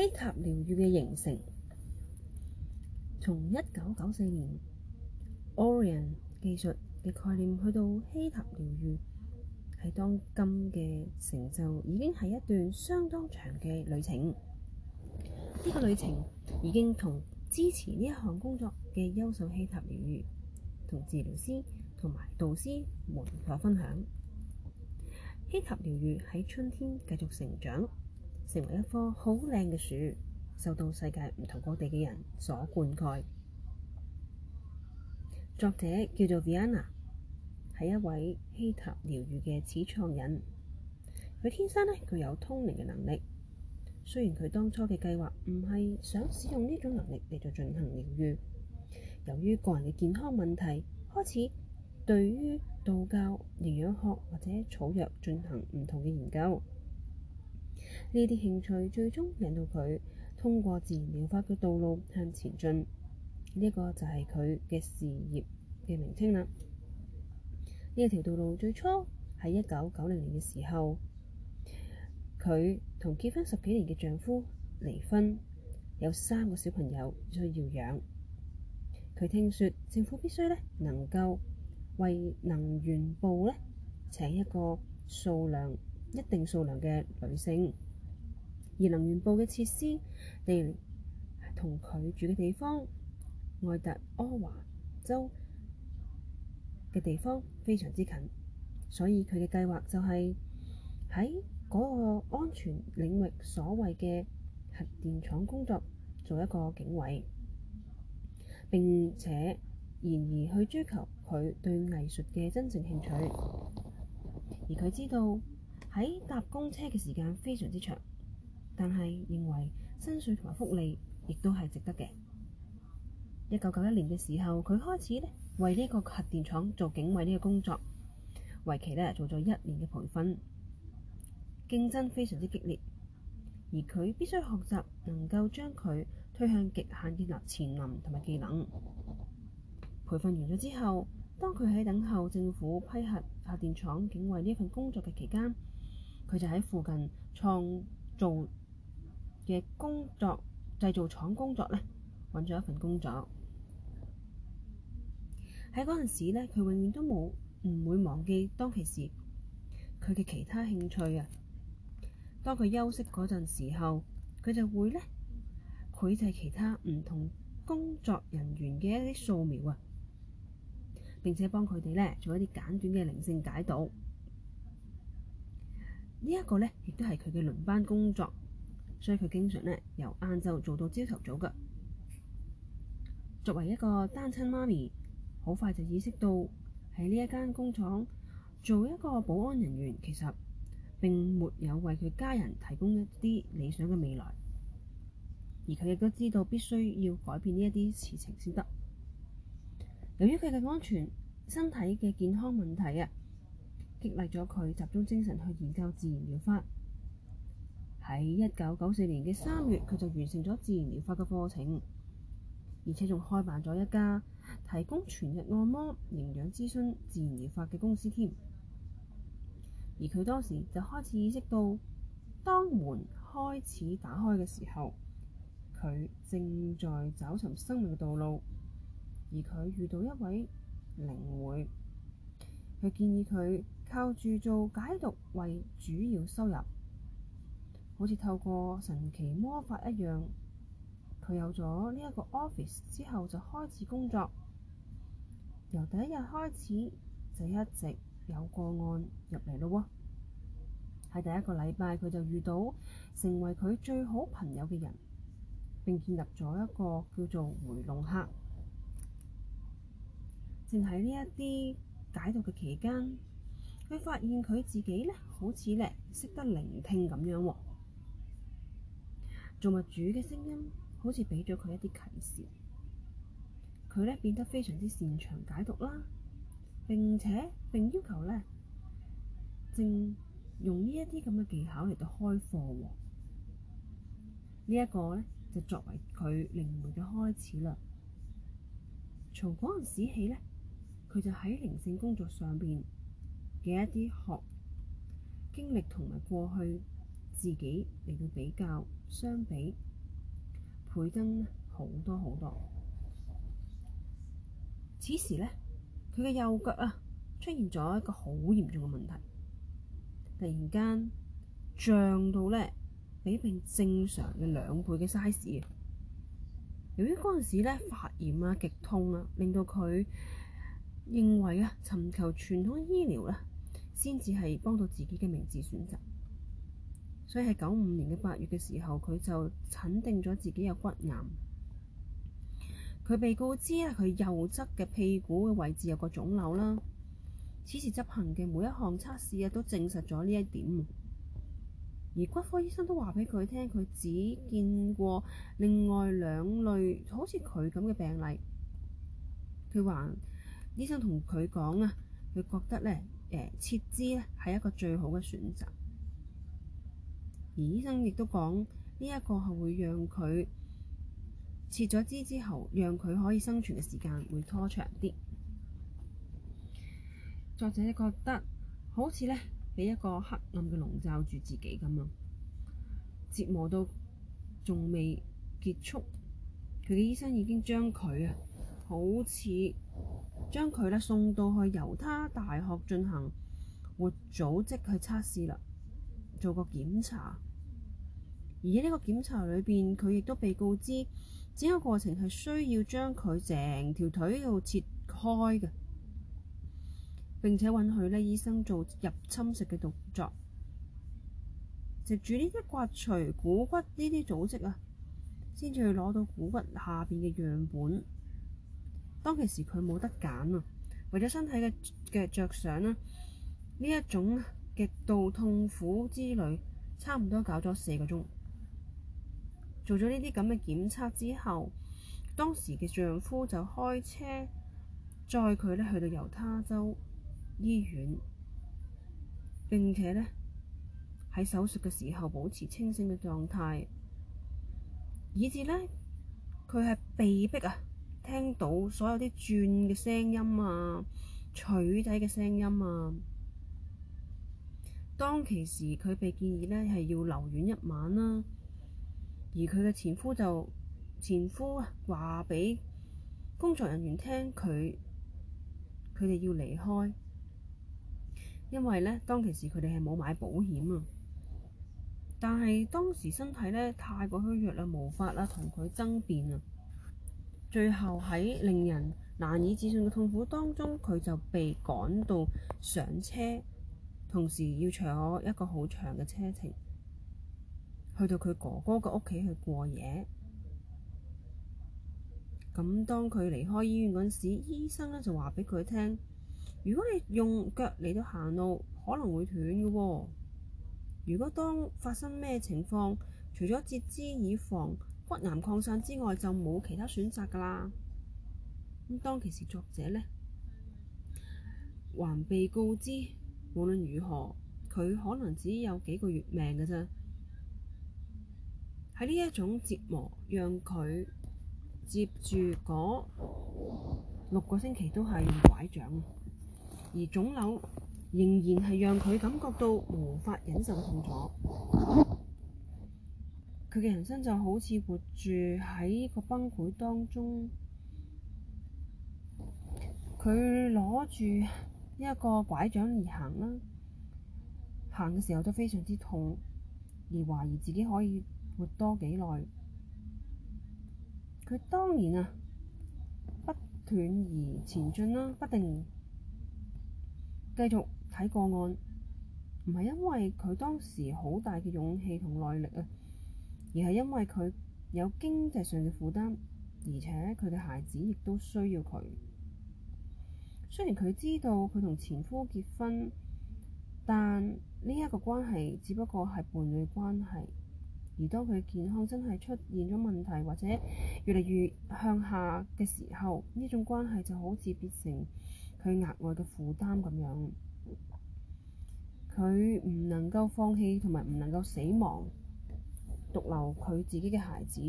希塔療愈嘅形成，從一九九四年 Orion 技術嘅概念去到希塔療愈，喺當今嘅成就已經係一段相當長嘅旅程。呢、這個旅程已經同支持呢一項工作嘅優秀希塔療愈同治療師同埋導師們作分享。希塔療愈喺春天繼續成長。成為一棵好靚嘅樹，受到世界唔同各地嘅人所灌溉。作者叫做 Vianna，係一位希塔療癒嘅始創人。佢天生呢具有通靈嘅能力。雖然佢當初嘅計劃唔係想使用呢種能力嚟到進行療癒，由於個人嘅健康問題，開始對於道教、營養學或者草藥進行唔同嘅研究。呢啲興趣最終引導佢通過自然療法嘅道路向前進，呢、這個就係佢嘅事業嘅名稱啦。呢、這、條、個、道路最初喺一九九零年嘅時候，佢同結婚十幾年嘅丈夫離婚，有三個小朋友需要養。佢聽說政府必須呢能夠為能源部呢請一個數量一定數量嘅女性。而能源部嘅設施，例如同佢住嘅地方愛達荷州嘅地方非常之近，所以佢嘅計劃就係喺嗰個安全領域所謂嘅核電廠工作，做一個警衛，並且然而去追求佢對藝術嘅真正興趣，而佢知道喺搭公車嘅時間非常之長，但係認為薪水同埋福利亦都係值得嘅。一九九一年嘅時候，佢開始呢為呢個核電廠做警衛呢個工作，為期呢做咗一年嘅培訓，競爭非常之激烈，而佢必須學習能夠將佢推向極限，建立潛能同埋技能。培訓完咗之後，當佢喺等候政府批核核電廠警衛呢份工作嘅期間，佢就喺附近創造。嘅工作製造廠工作呢，揾咗一份工作。喺嗰陣時呢，佢永遠都冇唔會忘記當其時佢嘅其他興趣啊。當佢休息嗰陣時候，佢就會呢繪製其他唔同工作人員嘅一啲素描啊，並且幫佢哋呢做一啲簡短嘅靈性解讀。呢、這、一個呢，亦都係佢嘅輪班工作。所以佢經常呢由晏晝做到朝頭早㗎。作為一個單親媽咪，好快就意識到喺呢一間工廠做一個保安人員，其實並沒有為佢家人提供一啲理想嘅未來。而佢亦都知道必須要改變呢一啲事情先得。由於佢嘅安全、身體嘅健康問題啊，激勵咗佢集中精神去研究自然療法。喺一九九四年嘅三月，佢就完成咗自然療法嘅課程，而且仲開辦咗一家提供全日按摩、營養諮詢、自然療法嘅公司添。而佢當時就開始意識到，當門開始打開嘅時候，佢正在找尋生命嘅道路。而佢遇到一位靈媒，佢建議佢靠住做解毒為主要收入。好似透過神奇魔法一樣，佢有咗呢一個 office 之後，就開始工作。由第一日開始就一直有個案入嚟咯。喺第一個禮拜佢就遇到成為佢最好朋友嘅人，並建立咗一個叫做回龍客。正喺呢一啲解讀嘅期間，佢發現佢自己咧好似咧識得聆聽咁樣喎。造物主嘅聲音好似俾咗佢一啲啟示，佢咧變得非常之擅長解讀啦，並且並要求咧正用呢一啲咁嘅技巧嚟到開課喎。這個、呢一個咧就作為佢靈媒嘅開始啦。從嗰陣時起咧，佢就喺靈性工作上邊嘅一啲學經歷同埋過去。自己嚟到比較相比倍增好多好多。此時呢，佢嘅右腳啊出現咗一個好嚴重嘅問題，突然間漲到呢，比並正常嘅兩倍嘅 size。由於嗰陣時咧發炎啊、極痛啊，令到佢認為啊，尋求傳統醫療呢，啊，先至係幫到自己嘅明智選擇。所以喺九五年嘅八月嘅時候，佢就診定咗自己有骨癌。佢被告知咧，佢右側嘅屁股嘅位置有個腫瘤啦。此時執行嘅每一項測試啊，都證實咗呢一點。而骨科醫生都話俾佢聽，佢只見過另外兩類好似佢咁嘅病例。佢話醫生同佢講啊，佢覺得咧，誒截肢咧係一個最好嘅選擇。而醫生亦都講呢一個係會讓佢切咗肢之後，讓佢可以生存嘅時間會拖長啲。作者覺得好似呢，俾一個黑暗嘅籠罩住自己咁啊。折磨到仲未結束，佢嘅醫生已經將佢啊，好似將佢呢送到去猶他大學進行活組織去測試啦，做個檢查。而呢個檢查裏邊，佢亦都被告知，整個過程係需要將佢成條腿要切開嘅，並且允許呢醫生做入侵式嘅動作，藉住呢啲刮除股骨呢啲組織啊，先至去攞到股骨下邊嘅樣本。當其時佢冇得揀啊，為咗身體嘅嘅著想咧，呢一種極度痛苦之旅，差唔多搞咗四個鐘。做咗呢啲咁嘅檢測之後，當時嘅丈夫就開車載佢咧去到猶他州醫院，並且咧喺手術嘅時候保持清醒嘅狀態，以至咧佢係被迫啊聽到所有啲轉嘅聲音啊、取體嘅聲音啊。當其時佢被建議咧係要留院一晚啦、啊。而佢嘅前夫就前夫話俾工作人員聽，佢佢哋要離開，因為呢，當其時佢哋係冇買保險啊。但係當時身體呢，太過虛弱啦，無法啦同佢爭辯啊。最後喺令人難以置信嘅痛苦當中，佢就被趕到上車，同時要坐一個好長嘅車程。去到佢哥哥嘅屋企去過夜。咁當佢離開醫院嗰時，醫生咧就話俾佢聽：如果你用腳嚟到行路，可能會斷嘅哦。如果當發生咩情況，除咗截肢以防骨癌擴散之外，就冇其他選擇㗎啦。咁當其時，作者咧，還被告知無論如何，佢可能只有幾個月命㗎啫。喺呢一種折磨，讓佢接住嗰六個星期都係拐杖，而腫瘤仍然係讓佢感覺到無法忍受痛楚。佢嘅人生就好似活住喺個崩潰當中。佢攞住一個拐杖而行啦，行嘅時候都非常之痛，而懷疑自己可以活多幾耐？佢當然啊，不斷而前進啦，啊，不定繼續睇個案，唔係因為佢當時好大嘅勇氣同耐力啊，而係因為佢有經濟上嘅負擔，而且佢嘅孩子亦都需要佢。雖然佢知道佢同前夫結婚，但呢一個關係只不過係伴侶關係。而當佢健康真係出現咗問題，或者越嚟越向下嘅時候，呢種關係就好似變成佢額外嘅負擔咁樣。佢唔能夠放棄，同埋唔能夠死亡，獨留佢自己嘅孩子。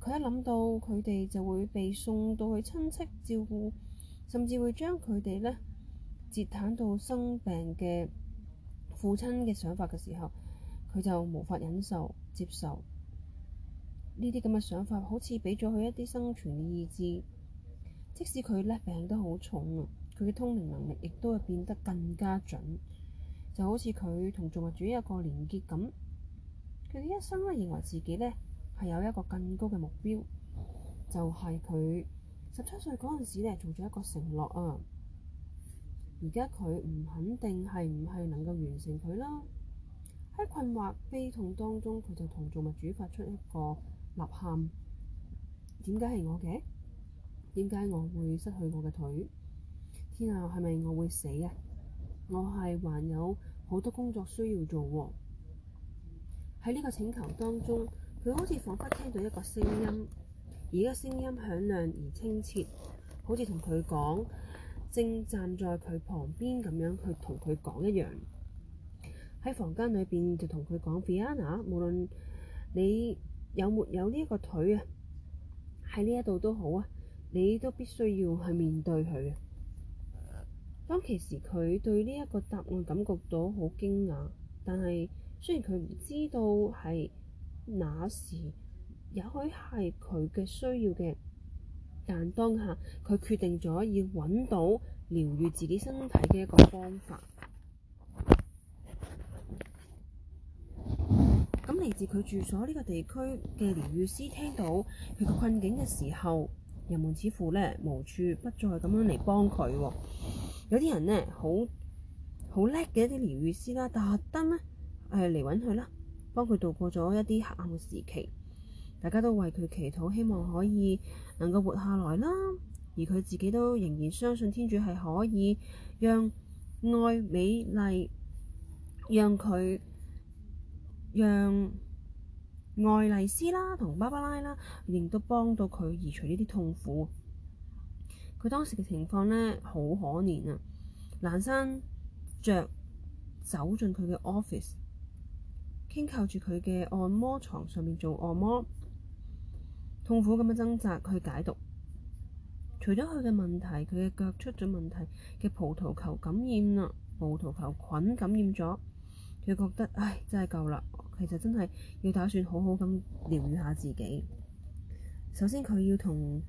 佢 一諗到佢哋就會被送到去親戚照顧，甚至會將佢哋呢折騰到生病嘅父親嘅想法嘅時候。佢就無法忍受接受呢啲咁嘅想法，好似俾咗佢一啲生存嘅意志。即使佢咧病得好重啊，佢嘅通靈能力亦都會變得更加準。就好似佢同造物主一個連結咁，佢嘅一生咧認為自己咧係有一個更高嘅目標，就係佢十七歲嗰陣時咧做咗一個承諾啊。而家佢唔肯定係唔係能夠完成佢啦。喺困惑悲痛當中，佢就同造物主發出一個吶喊：點解係我嘅？點解我會失去我嘅腿？天下係咪我會死啊？我係還有好多工作需要做喎。喺呢個請求當中，佢好似彷彿聽到一個聲音，而個聲音響亮而清澈，好似同佢講，正站在佢旁邊咁樣，去同佢講一樣。喺房間裏邊就同佢講，Vianna，無論你有沒有呢一個腿啊，喺呢一度都好啊，你都必須要去面對佢嘅。當其時，佢對呢一個答案感覺到好驚訝，但係雖然佢唔知道係哪時，也許係佢嘅需要嘅，但當下佢決定咗要揾到療癒自己身體嘅一個方法。咁嚟自佢住所呢個地區嘅療癒師聽到佢個困境嘅時候，人們似乎咧無處不在咁樣嚟幫佢。有啲人呢，好好叻嘅一啲療癒師啦，特登咧係嚟揾佢啦，幫佢度過咗一啲黑暗嘅時期。大家都為佢祈禱，希望可以能夠活下來啦。而佢自己都仍然相信天主係可以讓愛美麗，讓佢。讓愛麗絲啦同芭芭拉啦，亦都幫到佢移除呢啲痛苦。佢當時嘅情況呢，好可憐啊！藍生着，走進佢嘅 office，傾靠住佢嘅按摩床上面做按摩，痛苦咁樣掙扎去解毒。除咗佢嘅問題，佢嘅腳出咗問題嘅葡萄球感染啊。葡萄球菌感染咗，佢覺得唉，真係夠啦～其實真係要打算好好咁療癒下自己。首先，佢要同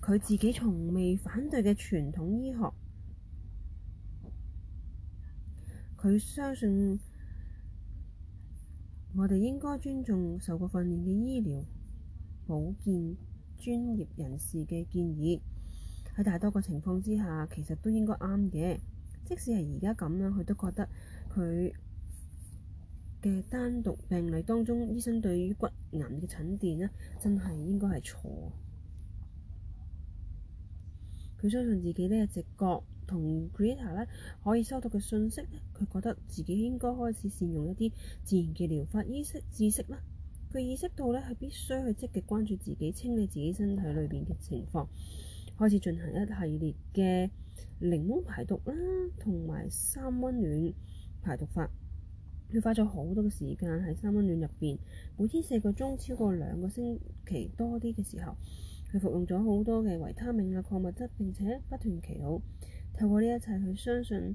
佢自己從未反對嘅傳統醫學，佢相信我哋應該尊重受過訓練嘅醫療保健專業人士嘅建議。喺大多個情況之下，其實都應該啱嘅。即使係而家咁樣，佢都覺得佢嘅單獨病例當中，醫生對於骨癌嘅診斷呢，真係應該係錯。佢相信自己呢直覺同 Greta 呢可以收到嘅信息呢，佢覺得自己應該開始善用一啲自然嘅療法醫識知識啦。佢意識到呢，係必須去積極關注自己清理自己身體裏邊嘅情況，開始進行一系列嘅檸檬排毒啦，同埋三温暖排毒法。佢花咗好多嘅時間喺三温暖入邊，每天四個鐘，超過兩個星期多啲嘅時候，佢服用咗好多嘅維他命嘅礦物質，並且不斷祈禱。透過呢一切，佢相信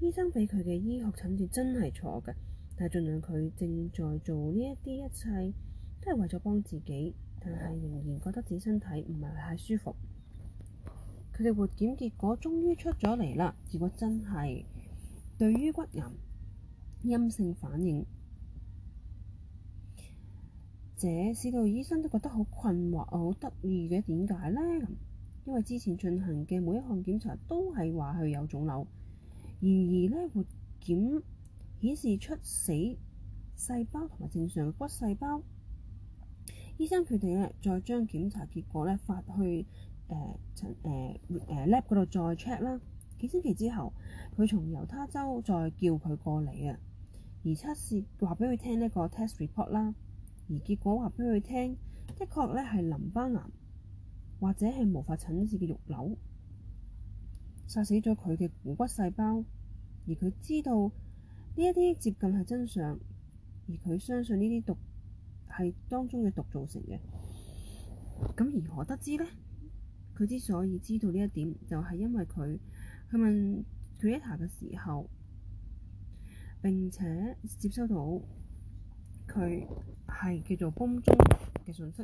醫生俾佢嘅醫學診斷真係錯嘅。但係盡量佢正在做呢一啲一切，都係為咗幫自己，但係仍然覺得自己身體唔係太舒服。佢嘅活檢結果終於出咗嚟啦，結果真係對於骨癌陰性反應，這使到醫生都覺得好困惑，好得意嘅，點解呢？因為之前進行嘅每一項檢查都係話佢有腫瘤，然而呢，活檢顯示出死細胞同埋正常骨細胞。 醫生決定呢再將檢查結果呢發去誒陳誒 lab 嗰度再 check 啦。幾星期之後，佢從猶他州再叫佢過嚟啊！而測試話俾佢聽呢個 test report 啦，而結果話俾佢聽，的確咧係淋巴癌或者係無法診治嘅肉瘤，殺死咗佢嘅骨細胞。而佢知道呢一啲接近係真相，而佢相信呢啲毒係當中嘅毒造成嘅。咁如何得知呢？佢之所以知道呢一點，就係因為佢去問 Creator 嘅時候。並且接收到佢係叫做崩中嘅信息，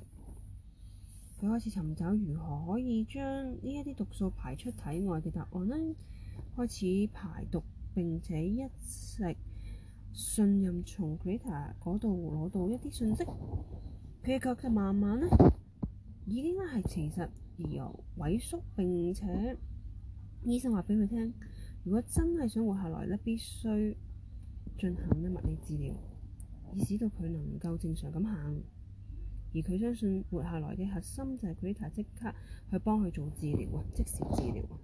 佢開始尋找如何可以將呢一啲毒素排出體外嘅答案呢，開始排毒，並且一直信任從 Greta 嗰度攞到一啲信息，佢嘅腳就慢慢呢已經咧係其實而由萎縮。並且醫生話俾佢聽，如果真係想活下來咧，必須。進行咧物理治療，以使到佢能夠正常咁行。而佢相信活下來嘅核心就係佢依家即刻去幫佢做治療啊，即時治療啊。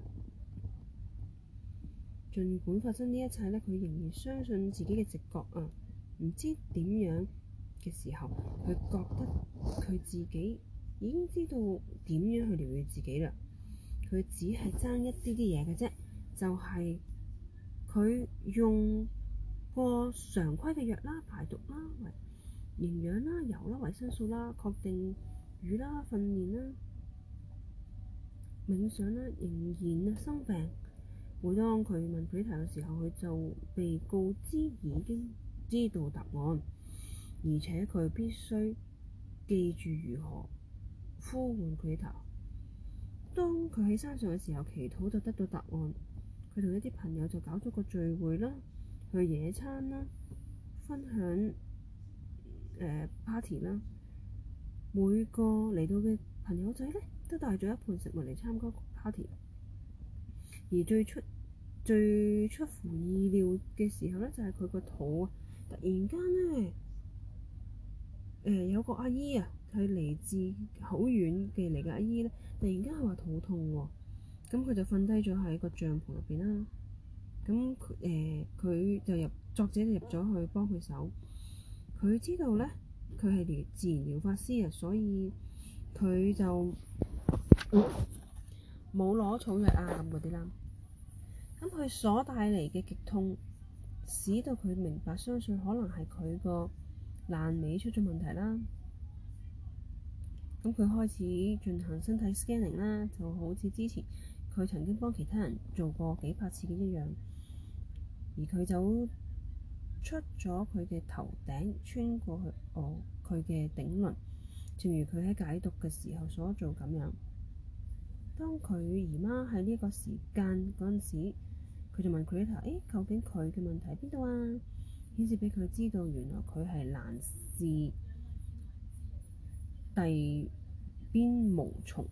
儘管發生呢一切咧，佢仍然相信自己嘅直覺啊。唔知點樣嘅時候，佢覺得佢自己已經知道點樣去療癒自己啦。佢只係爭一啲啲嘢嘅啫，就係、是、佢用過常規嘅藥啦、排毒啦、維營養啦、油啦、維生素啦，確定魚啦、訓練啦、冥想啦，仍然生病。每當佢問佢頭嘅時候，佢就被告知已經知道答案，而且佢必須記住如何呼喚佢頭。當佢喺山上嘅時候，祈禱就得到答案。佢同一啲朋友就搞咗個聚會啦。去野餐啦，分享誒、呃、party 啦。每個嚟到嘅朋友仔咧，都帶咗一盤食物嚟參加 party。而最出最出乎意料嘅時候咧，就係佢個肚啊，突然間咧誒、呃、有個阿姨啊，佢嚟自好遠嘅嚟嘅阿姨咧，突然間話肚痛喎、哦。咁佢就瞓低咗喺個帳篷入邊啦。咁誒，佢、呃、就入作者就入咗去幫佢手，佢知道咧，佢係療自然療法師啊，所以佢就冇攞、嗯、草藥啊咁啲啦。咁佢所帶嚟嘅極痛，使到佢明白相信可能係佢個闌尾出咗問題啦。咁佢開始進行身體 scanning 啦，就好似之前佢曾經幫其他人做過幾百次嘅一樣。而佢就出咗佢嘅頭頂，穿過去哦，佢嘅頂輪，正如佢喺解讀嘅時候所做咁樣。當佢姨媽喺呢個時間嗰陣時，佢就問佢、欸：「Creator 究竟佢嘅問題喺邊度啊？顯示畀佢知道，原來佢係難試第邊無從。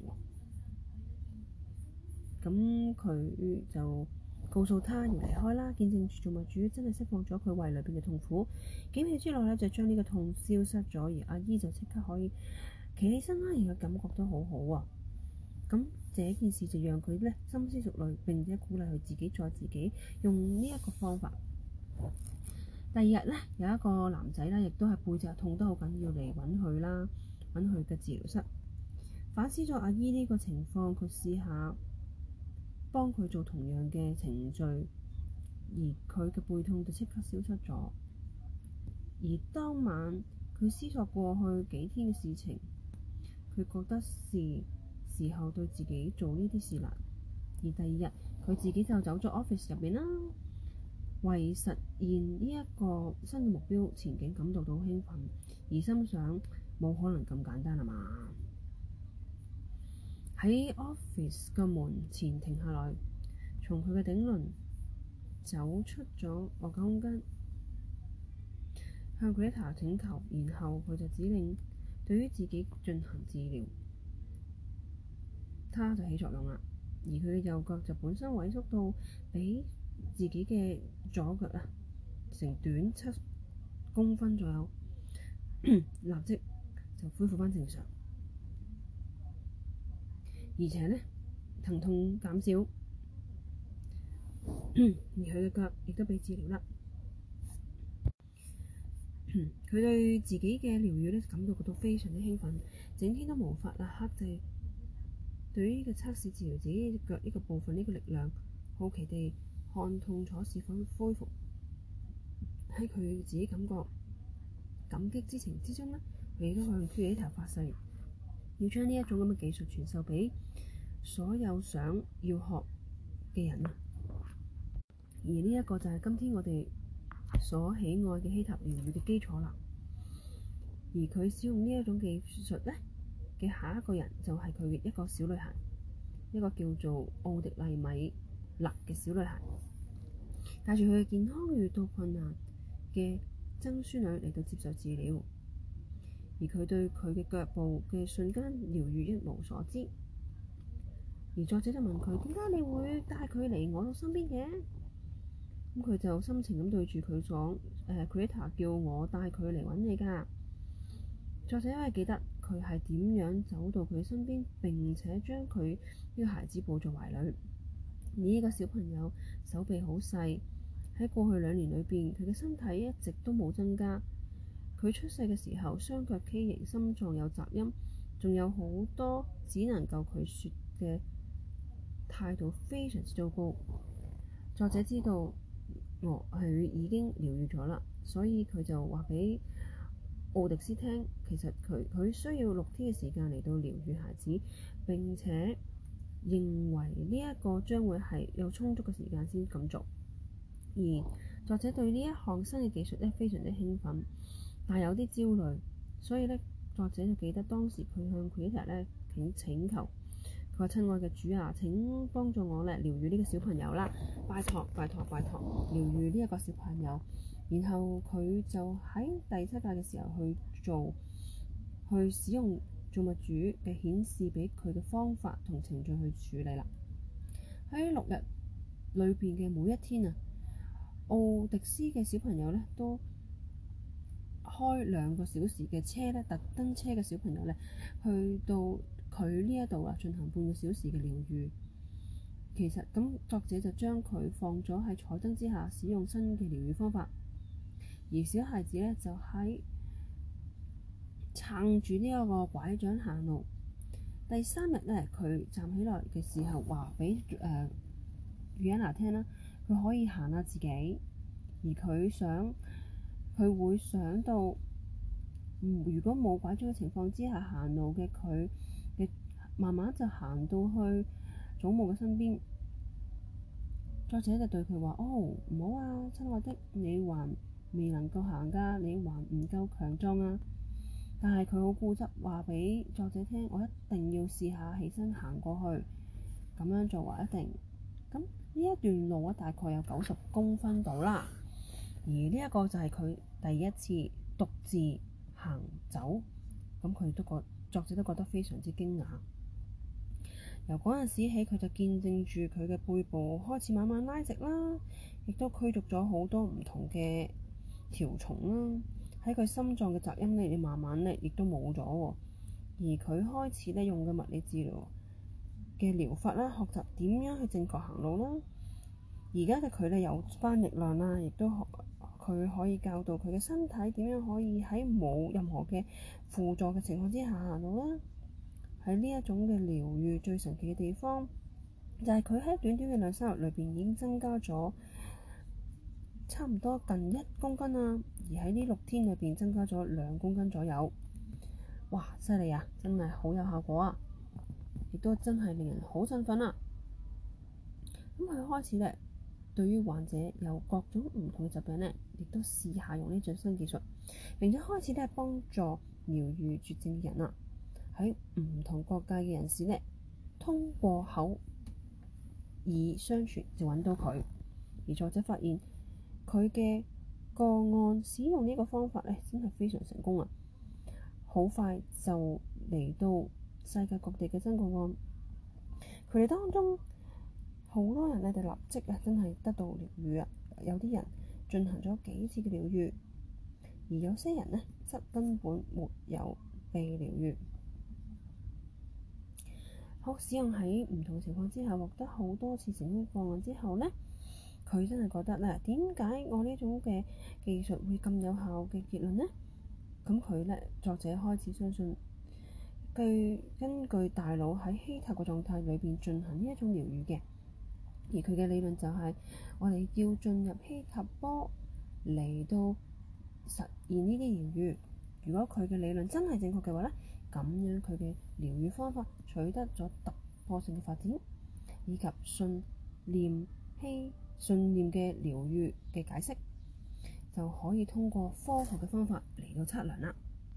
咁佢就。告訴他離開啦！見證住造物主真係釋放咗佢胃裏邊嘅痛苦，幾秒之內咧就將呢個痛消失咗，而阿姨就即刻可以企起身啦，而個感覺都好好啊！咁這件事就讓佢咧深思熟慮，並且鼓勵佢自己再自己用呢一個方法。第二日咧，有一個男仔咧，亦都係背脊痛得好緊要嚟揾佢啦，揾佢嘅治療室。反思咗阿姨呢個情況，佢試下。幫佢做同樣嘅程序，而佢嘅背痛就即刻消失咗。而當晚佢思索過去幾天嘅事情，佢覺得是時候對自己做呢啲事啦。而第二日佢自己就走咗 office 入邊啦，為實現呢一個新嘅目標前景感到到興奮，而心想冇可能咁簡單啊嘛～喺 office 嘅門前停下來，從佢嘅頂輪走出咗個空間，向 Greta 請求，然後佢就指令對於自己進行治療，他就起作用啦。而佢嘅右腳就本身萎縮到比自己嘅左腳啊、呃、成短七公分左右，立即就恢復翻正常。而且呢，疼痛減少，而佢嘅腳亦都被治療啦。佢對自己嘅療癒呢，感到感到非常的興奮，整天都無法克制對於呢個測試治療自己隻腳呢個部分呢個力量，好奇地看痛楚是否恢復。喺佢自己感覺感激之情之中呢，佢亦都向造物主發誓。要將呢一種咁嘅技術傳授俾所有想要學嘅人啦，而呢一個就係今天我哋所喜愛嘅希塔療癒嘅基礎啦。而佢使用呢一種技術咧嘅下一個人就係佢嘅一個小女孩，一個叫做奧迪麗米勒嘅小女孩，帶住佢嘅健康遇到困難嘅曾孫女嚟到接受治療。而佢對佢嘅腳步嘅瞬間療癒一無所知，而作者就問佢，點解、哦、你會帶佢嚟我身邊嘅？咁，佢、哦、就深情咁對住佢講，誒、呃、Creator 叫我帶佢嚟揾你㗎。作者因為記得佢係點樣走到佢身邊，並且將佢呢個孩子抱在懷裡。呢個小朋友手臂好細，喺過去兩年裏邊，佢嘅身體一直都冇增加。佢出世嘅時候雙腳畸形，心臟有雜音，仲有好多只能夠佢説嘅，態度非常之糟糕。作者知道我佢、哦、已經療癒咗啦，所以佢就話俾奧迪斯聽。其實佢佢需要六天嘅時間嚟到療癒孩子，並且認為呢一個將會係有充足嘅時間先咁做。而作者對呢一項新嘅技術咧，非常之興奮。但有啲焦慮，所以咧，作者就記得當時佢向佢一日咧請請求，佢話：親愛嘅主啊，請幫助我咧，療愈呢個小朋友啦！拜託，拜託，拜託，療愈呢一個小朋友。然後佢就喺第七日嘅時候去做，去使用造物主嘅顯示俾佢嘅方法同程序去處理啦。喺六日裏邊嘅每一天啊，奧迪斯嘅小朋友咧都，開兩個小時嘅車咧，特登車嘅小朋友咧，去到佢呢一度啊，進行半個小時嘅療癒。其實咁，作者就將佢放咗喺彩燈之下，使用新嘅療癒方法，而小孩子咧就喺撐住呢一個拐杖行路。第三日咧，佢站起來嘅時候話俾誒維安娜聽啦，佢可以行下自己，而佢想。佢會想到，如果冇拐杖嘅情況之下行路嘅佢嘅，慢慢就行到去祖母嘅身邊。作者就對佢話，哦，唔好啊，親愛的，你還未能夠行㗎，你還唔夠強壯啊！但係佢好固執，話畀作者聽，我一定要試下起身行過去，咁樣做話、啊、一定。咁呢一段路啊，大概有九十公分到啦。而呢一個就係佢第一次獨自行走，咁佢都覺作者都覺得非常之驚訝。由嗰陣時起，佢就見證住佢嘅背部開始慢慢拉直啦，亦都驅逐咗好多唔同嘅條蟲啦。喺佢心臟嘅雜音咧，你慢慢咧亦都冇咗喎。而佢開始咧用嘅物理治療嘅療法啦，學習點樣去正確行路啦。而家嘅佢咧有返力量啦，亦都學。佢可以教導佢嘅身體點樣可以喺冇任何嘅輔助嘅情況之下行路啦。喺呢一種嘅療愈最神奇嘅地方，就係佢喺短短嘅兩三日裏邊已經增加咗差唔多近一公斤啊，而喺呢六天裏邊增加咗兩公斤左右。哇！犀利啊，真係好有效果啊，亦都真係令人好振奮啊。咁佢開始咧。對於患者有各種唔同嘅疾病咧，亦都試下用呢種新技術，並且開始都係幫助療癒絕症嘅人啦，啊。喺唔同國界嘅人士咧，通過口耳相傳就揾到佢。而作者發現佢嘅個案使用呢個方法咧，真係非常成功啊！好快就嚟到世界各地嘅新個案，佢哋當中。好多人呢，就立即啊，真係得到療癒啊！有啲人進行咗幾次嘅療癒，而有些人呢則根本沒有被療癒。學使用喺唔同情況之下獲得好多次成功個案之後呢，佢真係覺得呢，點解我呢種嘅技術會咁有效嘅結論呢？呢」咁佢呢，作者開始相信據根據大腦喺希塔嘅狀態裏邊進行呢一種療癒嘅。而佢嘅理論就係、是，我哋要進入希塔波嚟到實現呢啲療癒。如果佢嘅理論真係正確嘅話咧，咁樣佢嘅療癒方法取得咗突破性嘅發展，以及信念希信念嘅療癒嘅解釋，就可以通過科學嘅方法嚟到測量啦。